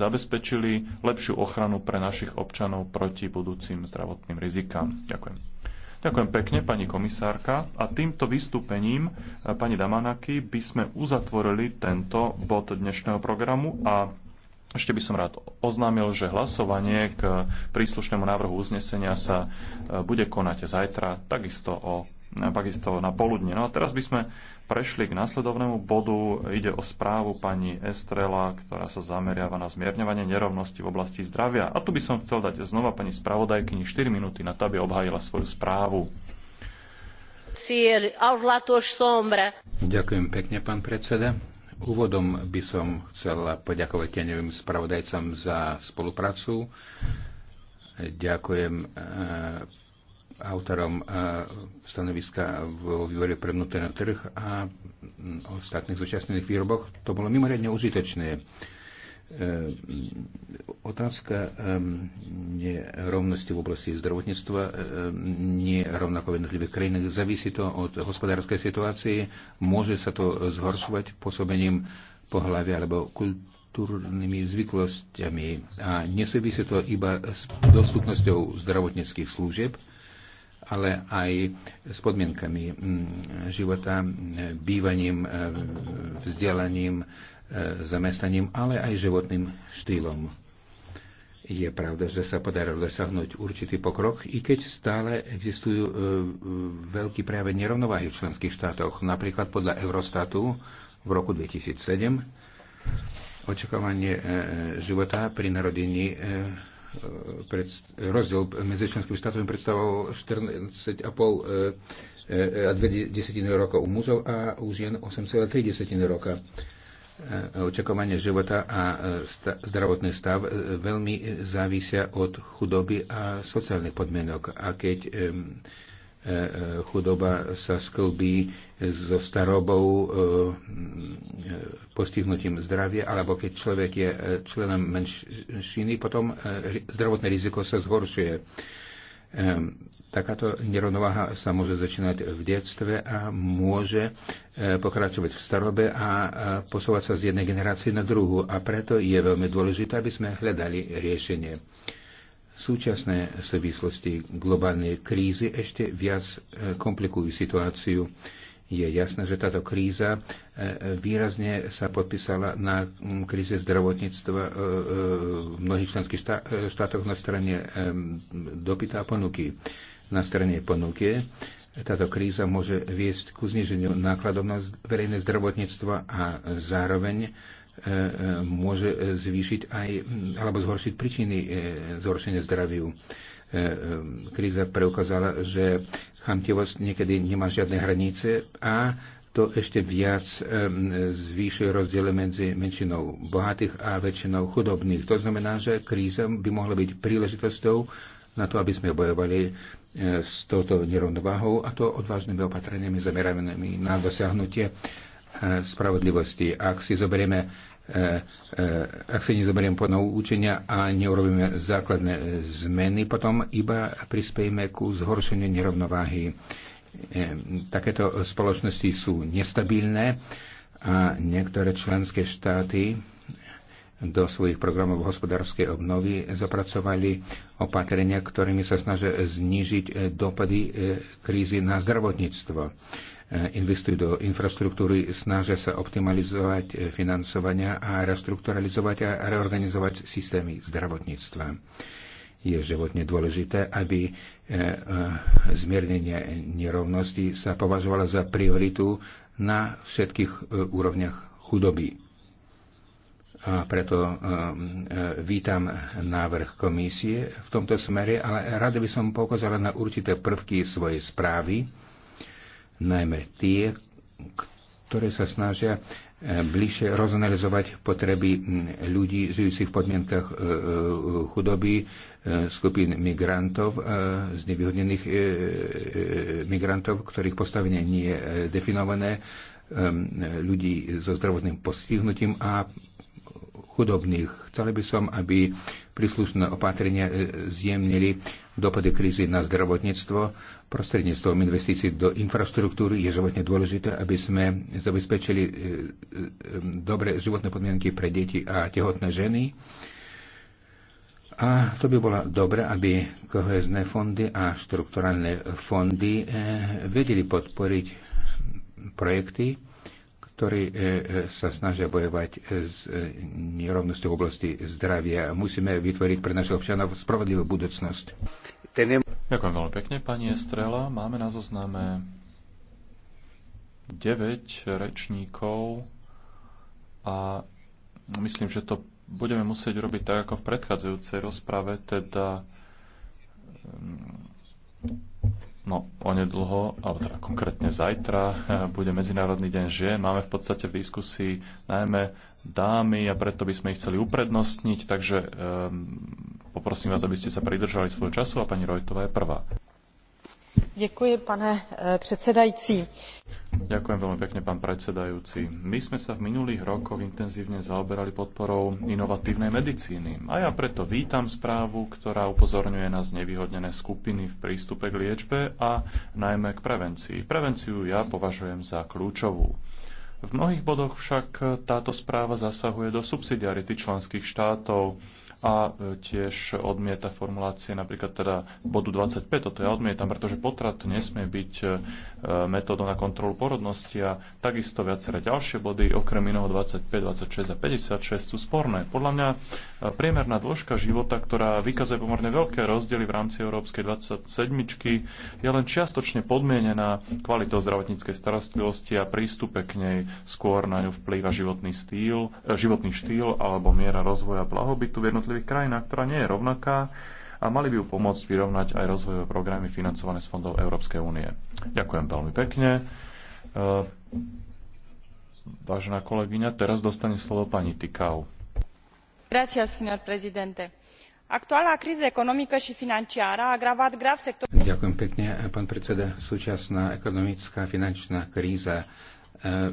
zabezpečili lepšiu ochranu pre našich občanov proti budúcim zdravotným rizikám. Ďakujem. Ďakujem pekne, pani komisárka. A týmto vystúpením eh, pani Damanaky by sme uzatvorili tento bod dnešného programu a ešte by som rád oznámil, že hlasovanie k eh, príslušnému návrhu uznesenia sa eh, bude konať zajtra, takisto o No, takisto na poludne. No a teraz by sme prešli k následovnému bodu. Ide o správu pani Estrela, ktorá sa zameriava na zmierňovanie nerovnosti v oblasti zdravia. A tu by som chcel dať znova pani spravodajkyni 4 minúty na to, aby obhájila svoju správu. Ďakujem pekne, pán predseda. Úvodom by som chcel poďakovať tieňovým spravodajcom za spoluprácu. Ďakujem eh, autorom eh, stanoviska vo výbore pre vnútorný trh a mm, ostatných zúčastnených výroboch. To bolo mimoriadne užitočné. Eh, otázka ehm, nerovnosti v oblasti zdravotníctva eh, ehm, nie rovnako v jednotlivých krajinách. Závisí to od hospodárskej situácie. Môže sa to zhoršovať pôsobením pohľavia alebo kultúrnymi zvyklostiami. A nesúvisí to iba s dostupnosťou zdravotníckých služieb, ale aj s podmienkami mm, života, mm, bývaním, e, vzdelaním, e, zamestnaním, ale aj životným štýlom. Je pravda, že sa podarilo dosiahnuť určitý pokrok, i keď stále existujú e, veľký prejavy nerovnováhy v členských štátoch. Napríklad podľa Eurostatu v roku 2007 očakávanie života pri narodení rozdiel medzi členskými štátmi predstavoval 14,5 a 2 desetiny roka u mužov a u žien 8,3 desetiny roka. E, očakovanie života a e, zdravotný stav e, veľmi závisia od chudoby a sociálnych podmienok. A keď E, e, chudoba sa sklbí so starobou, e, postihnutím zdravia, alebo keď človek je členom menšiny, potom zdravotné riziko sa zhoršuje. Takáto nerovnováha sa môže začínať v detstve a môže pokračovať v starobe a posúvať sa z jednej generácie na druhú. A preto je veľmi dôležité, aby sme hľadali riešenie Súčasné súvislosti globálnej krízy ešte viac e, komplikujú situáciu. Je jasné, že táto kríza e, výrazne sa podpísala na kríze zdravotníctva e, v mnohých členských štátoch na strane dopyta a ponuky. Na strane ponuky táto kríza môže viesť ku zniženiu nákladov na verejné zdravotníctvo a zároveň E, e, môže e, zvýšiť aj, alebo zhoršiť príčiny zhoršenia zdraviu. Kríza preukázala, že chamtivosť niekedy nemá žiadne hranice a to ešte viac zvýšuje rozdiely medzi menšinou bohatých a väčšinou chudobných. To znamená, že kríza by mohla byť príležitosťou na to, aby sme bojovali s touto nerovnováhou a to odvážnymi opatreniami zameranými na dosiahnutie spravodlivosti. Ak si zoberieme E, e, ak si nezoberieme ponov učenia a neurobíme základné zmeny, potom iba prispejme ku zhoršeniu nerovnováhy. E, takéto spoločnosti sú nestabilné a niektoré členské štáty do svojich programov hospodárskej obnovy zapracovali opatrenia, ktorými sa snažia znižiť dopady krízy na zdravotníctvo investujú do infraštruktúry, snažia sa optimalizovať e, financovania a restrukturalizovať a reorganizovať systémy zdravotníctva. Je životne dôležité, aby e, e, zmiernenie nerovnosti sa považovalo za prioritu na všetkých úrovniach chudoby. A preto vítam návrh komisie v tomto smere, ale rada by som poukázala na určité prvky svojej správy, najmä tie, ktoré sa snažia eh, bližšie rozanalizovať potreby mm, ľudí žijúcich v podmienkach eh, eh, chudoby, skupín migrantov, znevýhodnených migrantov, ktorých postavenie nie je definované, ľudí so zdravotným postihnutím a chudobných. Chcel by som, aby príslušné opatrenia e, zjemnili dopady krízy na zdravotníctvo prostredníctvom investícií do infraštruktúry. Je životne dôležité, aby sme zabezpečili e, e, dobre životné podmienky pre deti a tehotné ženy. A to by bolo dobré, aby kohezné fondy a štrukturálne fondy vedeli podporiť projekty, ktorí e, e, sa snažia bojovať e, s nerovnosťou v oblasti zdravia. Musíme vytvoriť pre našich občanov spravodlivú budúcnosť. Ďakujem veľmi pekne, pani Estrela. Máme na zozname 9 rečníkov a myslím, že to budeme musieť robiť tak, ako v predchádzajúcej rozprave, teda No, onedlho, alebo teda konkrétne zajtra, eh, bude Medzinárodný deň žien. Máme v podstate v diskusii najmä dámy a preto by sme ich chceli uprednostniť, takže um, poprosím vás, aby ste sa pridržali svojho času a pani Rojtová je prvá. Eh, Ďakujem, veľmi pekne, predsedajúci. My sme sa v minulých rokoch intenzívne zaoberali podporou inovatívnej medicíny. A ja preto vítam správu, ktorá upozorňuje na znevýhodnené skupiny v prístupe k liečbe a najmä k prevencii. Prevenciu ja považujem za kľúčovú. V mnohých bodoch však táto správa zasahuje do subsidiarity členských štátov, a e, tiež odmieta formulácie napríklad teda bodu 25, toto ja odmietam, pretože potrat nesmie byť e, metódou na kontrolu porodnosti a takisto viaceré ďalšie body, okrem iného 25, 26 a 56 sú sporné. Podľa mňa e, priemerná dĺžka života, ktorá vykazuje pomerne veľké rozdiely v rámci Európskej 27, je len čiastočne podmienená kvalitou zdravotníckej starostlivosti a prístupe k nej skôr na ňu vplýva životný, stýl, životný štýl alebo miera rozvoja blahobytu v jednotlivých jednotlivých krajinách, ktorá nie je rovnaká a mali by ju pomôcť vyrovnať aj rozvojové programy financované z fondov Európskej únie. Ďakujem veľmi pekne. E, vážená kolegyňa, teraz dostane slovo pani Tikau. Gracias, señor presidente. Aktuálna kríza ekonomika či finančiára agravát grav sektor... Ďakujem pekne, pán predseda. Súčasná ekonomická finančná kríza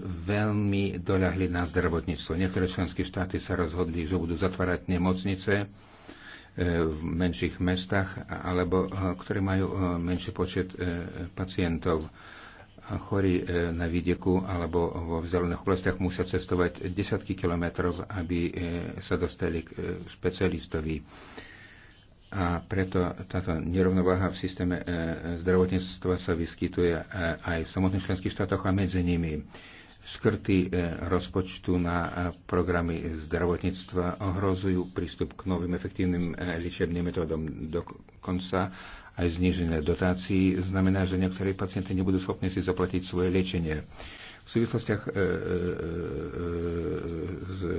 veľmi doľahli na zdravotníctvo. Niektoré členské štáty sa rozhodli, že budú zatvárať nemocnice e, v menších mestách, alebo e, ktoré majú e, menší počet pacientov. Chorí na výdeku alebo vo vzdialených oblastiach musia cestovať desiatky kilometrov, aby sa dostali k špecialistovi a preto táto nerovnováha v systéme e, zdravotníctva sa vyskytuje e, aj v samotných členských štátoch a medzi nimi. Škrty e, rozpočtu na programy zdravotníctva ohrozujú prístup k novým efektívnym liečebným metódom dokonca aj znižené dotácií znamená, že niektorí pacienti nebudú schopní si zaplatiť svoje liečenie v súvislostiach e, e,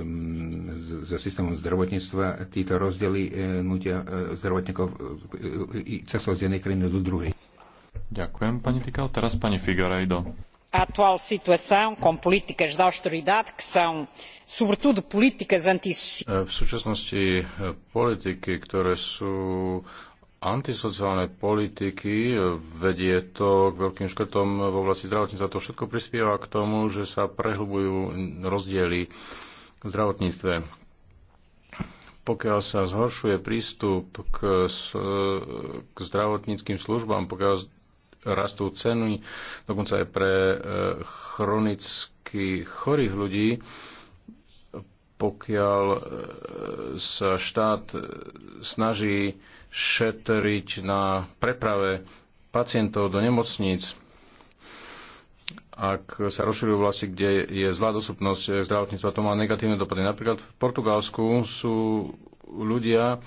e, so systémom zdravotníctva títo rozdiely nutia zdravotníkov cestovať z jednej krajiny do druhej. Ďakujem, pani Tikal. Teraz pani Figueiredo. atual situação, com políticas de austeridade que são, sobretudo, políticas antissociais. V súčasnosti politiky, ktoré sú antisociálne politiky, vedie to k veľkým škrtom v oblasti zdravotníctva. To všetko prispieva k tomu, že sa prehlbujú rozdiely v zdravotníctve. Pokiaľ sa zhoršuje prístup k, k zdravotníckým službám, pokiaľ rastú ceny, dokonca aj pre e, chronicky chorých ľudí, pokiaľ e, sa štát e, snaží šetriť na preprave pacientov do nemocníc, ak sa rozširujú vlasti, kde je zlá dostupnosť zdravotníctva, to má negatívne dopady. Napríklad v Portugalsku sú ľudia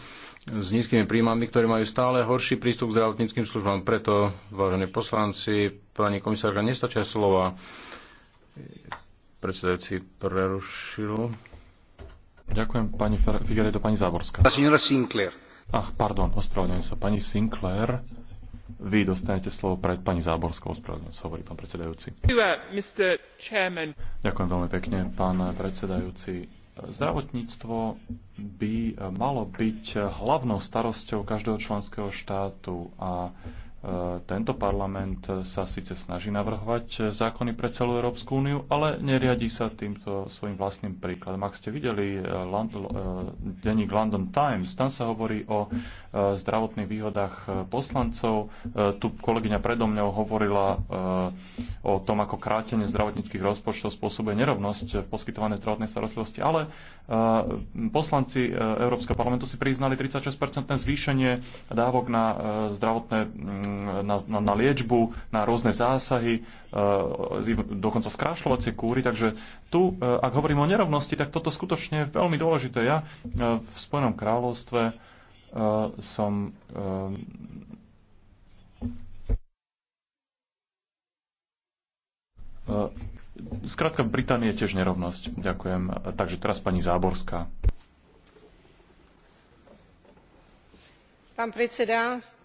s nízkymi príjmami, ktorí majú stále horší prístup k zdravotníckým službám. Preto, vážení poslanci, pani komisárka, nestačia slova. Predsedajúci prerušil. Ďakujem pani do pani Záborská. Signora Sinclair. Ach, pardon, ospravedlňujem sa. Pani Sinclair, vy dostanete slovo pred pani Záborskou, ospravedlňujem sa, hovorí pán predsedajúci. Ďakujem veľmi pekne, pán predsedajúci. Zdravotníctvo by malo byť hlavnou starosťou každého členského štátu a Eh, tento parlament sa síce snaží navrhovať zákony pre celú Európsku úniu, ale neriadi sa týmto svojim vlastným príkladom. Ak ste videli eh, eh, denník London Times, tam sa hovorí o zdravotných výhodách poslancov. Tu kolegyňa predo mňou hovorila o tom, ako krátenie zdravotníckých rozpočtov spôsobuje nerovnosť v poskytovanej zdravotnej starostlivosti, ale poslanci Európskeho parlamentu si priznali 36-percentné zvýšenie dávok na zdravotné mm, na, na, na liečbu, na rôzne zásahy, e, dokonca skrášľovacie kúry. Takže tu, e, ak hovorím o nerovnosti, tak toto skutočne je veľmi dôležité. Ja e, v Spojenom kráľovstve som Zkrátka v Británii je tiež nerovnosť. Ďakujem. Takže teraz pani Záborská. Pán predseda,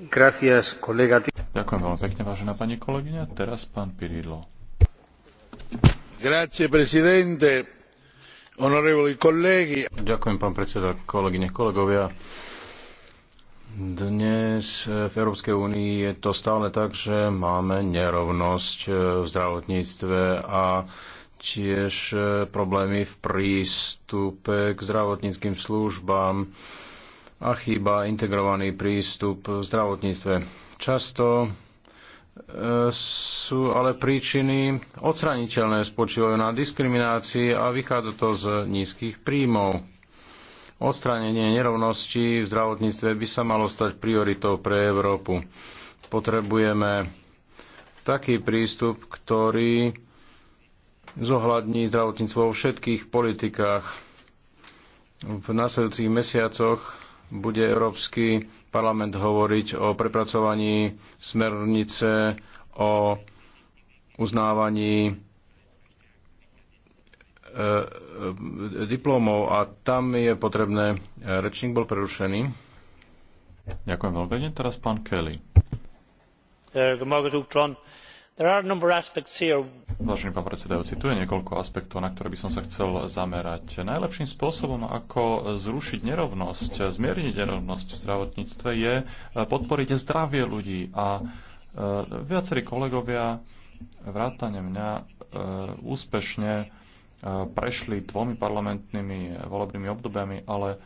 Ďakujem veľmi pekne, vážená pani kolegyňa. Teraz pán Ďakujem, pán predseda, kolegyne, kolegovia. Dnes v Európskej únii je to stále tak, že máme nerovnosť eh, v zdravotníctve a tiež eh, problémy v prístupe k zdravotníckym službám a chýba integrovaný prístup v zdravotníctve. Často e, sú ale príčiny odstraniteľné, spočívajú na diskriminácii a vychádza to z nízkych príjmov. Odstranenie nerovností v zdravotníctve by sa malo stať prioritou pre Európu. Potrebujeme taký prístup, ktorý zohľadní zdravotníctvo vo všetkých politikách. V nasledujúcich mesiacoch bude Európsky parlament hovoriť o prepracovaní smernice o uznávaní e, e, diplomov a tam je potrebné, e, rečník bol prerušený. Ďakujem veľmi pekne. Teraz pán Kelly. Uh, Vážený pán predsedajúci, tu je niekoľko aspektov, na ktoré by som sa chcel zamerať. Najlepším spôsobom, ako zrušiť nerovnosť, zmierniť nerovnosť v zdravotníctve, je podporiť zdravie ľudí. A e, viacerí kolegovia, vrátane mňa, e, úspešne e, prešli dvomi parlamentnými volebnými obdobiami, ale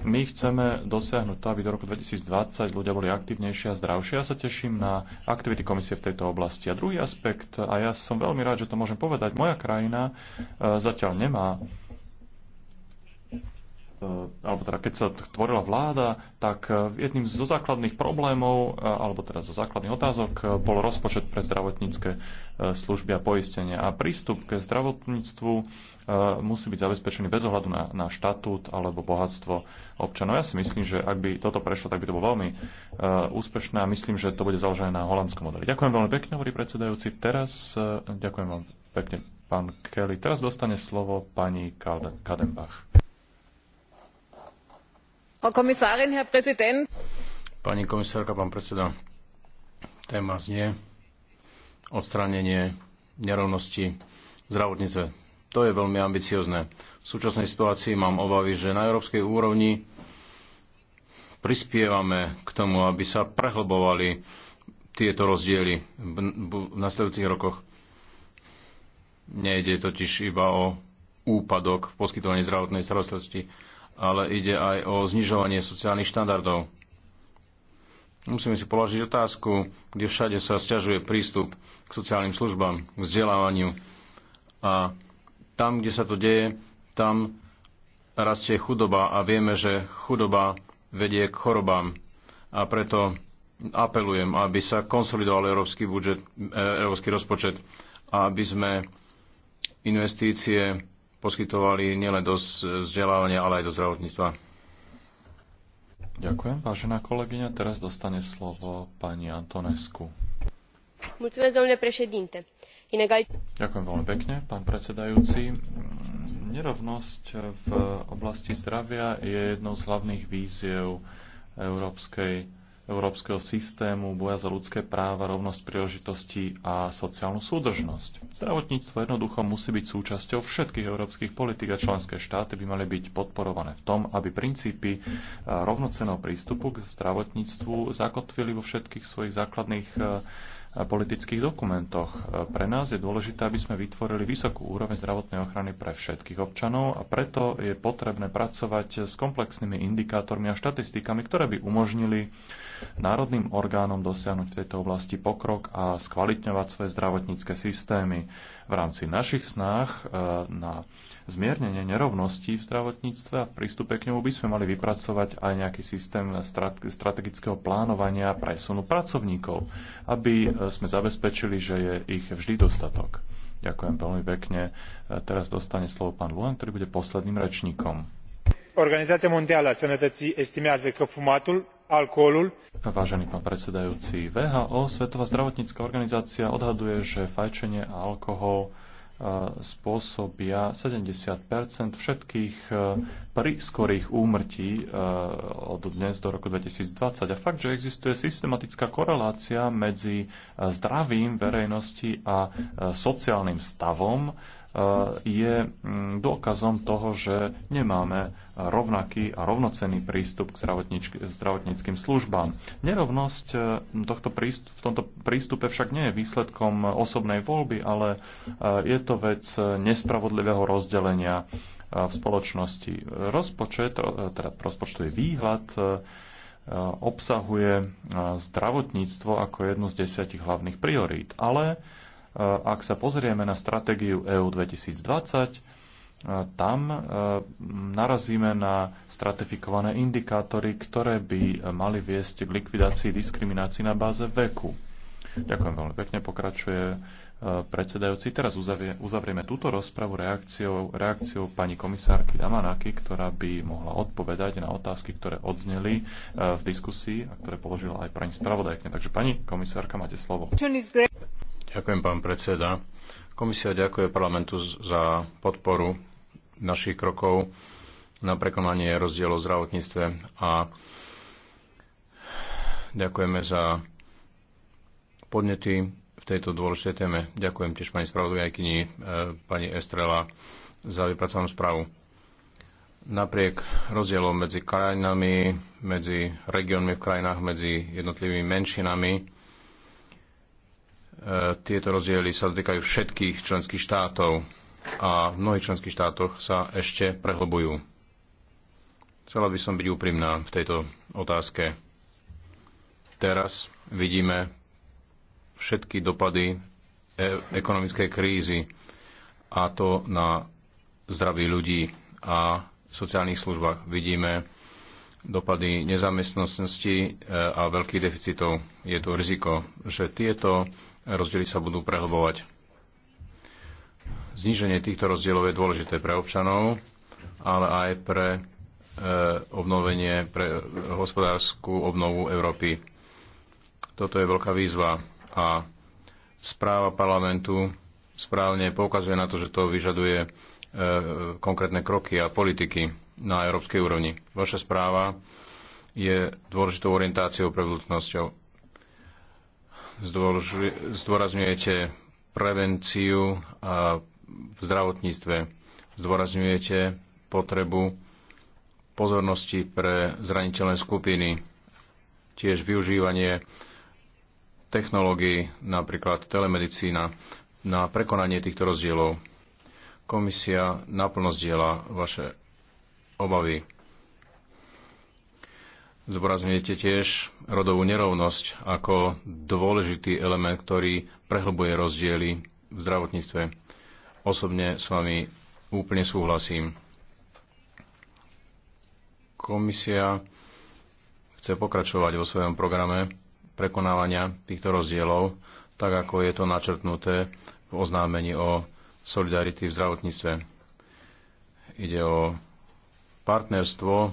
my chceme dosiahnuť to, aby do roku 2020 ľudia boli aktívnejšie a zdravšie. Ja sa teším na aktivity komisie v tejto oblasti. A druhý aspekt, a ja som veľmi rád, že to môžem povedať, moja krajina e, zatiaľ nemá alebo teda keď sa tvorila vláda, tak e, jedným zo základných problémov, e, alebo teda zo základných otázok, e, bol rozpočet pre zdravotnícke služby a poistenie. A prístup ke zdravotníctvu musí byť zabezpečený bez ohľadu na, na štatút alebo bohatstvo občanov. Ja si myslím, že ak by toto prešlo, tak by to bolo veľmi úspešné a myslím, že to bude založené na holandskom modeli. Ďakujem veľmi pekne, hovorí predsedajúci. Teraz ďakujem veľmi pekne, pán Kelly. Teraz dostane slovo pani Kadenbach. Pani komisárka, pán predseda, téma znie odstránenie nerovnosti v zdravotníctve. To je veľmi ambiciozne. V súčasnej situácii mám obavy, že na európskej úrovni prispievame k tomu, aby sa prehlbovali tieto rozdiely v nasledujúcich rokoch. Nejde totiž iba o úpadok v poskytovaní zdravotnej starostlivosti ale ide aj o znižovanie sociálnych štandardov. Musíme si položiť otázku, kde všade sa stiažuje prístup k sociálnym službám, k vzdelávaniu. A tam, kde sa to deje, tam rastie chudoba a vieme, že chudoba vedie k chorobám. A preto apelujem, aby sa konsolidoval európsky, budžet, e, európsky rozpočet a aby sme investície poskytovali nielen do vzdelávania, ale aj do zdravotníctva. Ďakujem, vážená kolegyňa. Teraz dostane slovo pani Antonescu. Ďakujem veľmi pekne, pán predsedajúci. Nerovnosť v oblasti zdravia je jednou z hlavných víziev európskej európskeho systému boja za ľudské práva, rovnosť príležitostí a sociálnu súdržnosť. Zdravotníctvo jednoducho musí byť súčasťou všetkých európskych politik a členské štáty by mali byť podporované v tom, aby princípy e, rovnoceného prístupu k zdravotníctvu zakotvili vo všetkých svojich základných e, politických dokumentoch. E, pre nás je dôležité, aby sme vytvorili vysokú úroveň zdravotnej ochrany pre všetkých občanov a preto je potrebné pracovať s komplexnými indikátormi a štatistikami, ktoré by umožnili národným orgánom dosiahnuť v tejto oblasti pokrok a skvalitňovať svoje zdravotnícke systémy. V rámci našich snách e, na zmiernenie nerovností v zdravotníctve a v prístupe k nemu by sme mali vypracovať aj nejaký systém strategického plánovania presunu pracovníkov, aby e, sme zabezpečili, že je ich vždy dostatok. Ďakujem veľmi pekne. E, teraz dostane slovo pán Luan, ktorý bude posledným rečníkom. Organizácia mondiála sanatácii estimează că fumatul alkoholul. Vážený pán predsedajúci, VHO, Svetová zdravotnícká organizácia, odhaduje, že fajčenie a alkohol spôsobia 70 všetkých e, prískorých úmrtí e, od dnes do roku 2020. A fakt, že existuje systematická korelácia medzi e, zdravím verejnosti a sociálnym stavom, E, je mm, dôkazom toho, že nemáme rovnaký a rovnocenný prístup k zdravotníckým službám. Nerovnosť e, tohto prístup, v tomto prístupe však nie je výsledkom osobnej voľby, ale e, je to vec nespravodlivého rozdelenia v spoločnosti. Rozpočet, teda rozpočtový výhľad obsahuje zdravotníctvo ako jednu z desiatich hlavných priorít, ale Eh, ak sa pozrieme na stratégiu EU 2020, eh, tam eh, narazíme na stratifikované indikátory, ktoré by mali viesť k likvidácii diskriminácií na báze veku. Ďakujem veľmi pekne, pokračuje predsedajúci. Teraz uzavrieme túto rozpravu reakciou, reakciou pani komisárky Damanaky, ktorá by mohla odpovedať na otázky, ktoré odzneli v diskusii a ktoré položila aj pani spravodajkne. Takže pani komisárka, máte slovo. Ďakujem, pán predseda. Komisia ďakuje parlamentu za podporu našich krokov na prekonanie rozdielov v zdravotníctve a ďakujeme za podnety v tejto dôležitej téme. Ďakujem tiež pani spravodajkyni, e, pani Estrela, za vypracovanú správu. Napriek rozdielom medzi krajinami, medzi regiónmi v krajinách, medzi jednotlivými menšinami, E, tieto rozdiely sa dotýkajú všetkých členských štátov a v mnohých členských štátoch sa ešte prehlbujú. Chcela by som byť úprimná v tejto otázke. Teraz vidíme všetky dopady e- ekonomickej krízy a to na zdraví ľudí a sociálnych službách. Vidíme dopady nezamestnosti e, a veľkých deficitov. Je tu riziko, že tieto rozdiely sa budú prehlbovať. Zníženie týchto rozdielov je dôležité pre občanov, ale aj pre e, obnovenie, pre hospodárskú obnovu Európy. Toto je veľká výzva a správa parlamentu správne poukazuje na to, že to vyžaduje e, konkrétne kroky a politiky na európskej úrovni. Vaša správa je dôležitou orientáciou pre budúcnosť zdôrazňujete prevenciu a v zdravotníctve. Zdôrazňujete potrebu pozornosti pre zraniteľné skupiny, tiež využívanie technológií, napríklad telemedicína, na prekonanie týchto rozdielov. Komisia naplno zdieľa vaše obavy. Zobrazujete tiež rodovú nerovnosť ako dôležitý element, ktorý prehlbuje rozdiely v zdravotníctve. Osobne s vami úplne súhlasím. Komisia chce pokračovať vo svojom programe prekonávania týchto rozdielov, tak ako je to načrtnuté v oznámení o solidarity v zdravotníctve. Ide o partnerstvo e,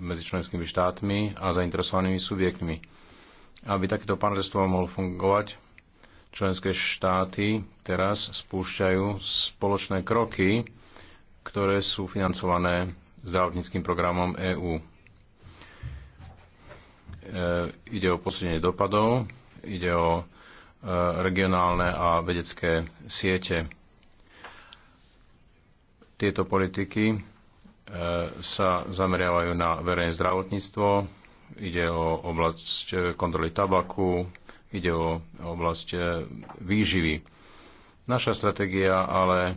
medzi členskými štátmi a zainteresovanými subjektmi. Aby takéto partnerstvo mohlo fungovať, členské štáty teraz spúšťajú spoločné kroky, ktoré sú financované zdravotníckým programom EÚ. E, ide o posúdenie dopadov, ide o e, regionálne a vedecké siete. Tieto politiky E, sa zameriavajú na verejné zdravotníctvo, ide o oblasť kontroly tabaku, ide o oblasť e, výživy. Naša stratégia ale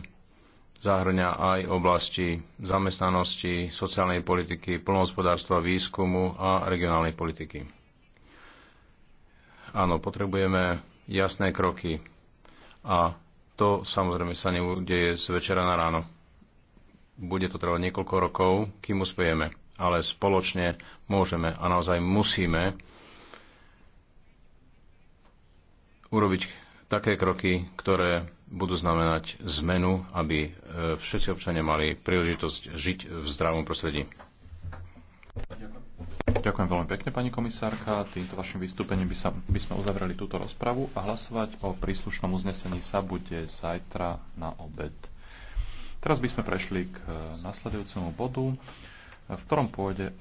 zahrňa aj oblasti zamestnanosti, sociálnej politiky, plnohospodárstva, výskumu a regionálnej politiky. Áno, potrebujeme jasné kroky a to samozrejme sa neudeje z večera na ráno. Bude to trvať niekoľko rokov, kým uspejeme, ale spoločne môžeme a naozaj musíme urobiť také kroky, ktoré budú znamenať zmenu, aby e, všetci občania mali príležitosť žiť v zdravom prostredí. Ďakujem veľmi pekne, pani komisárka. Týmto vašim vystúpením by, sa, by sme uzavreli túto rozpravu a hlasovať o príslušnom uznesení sa bude zajtra na obed. Teraz by sme prešli k eh, nasledujúcemu bodu, v ktorom pôjde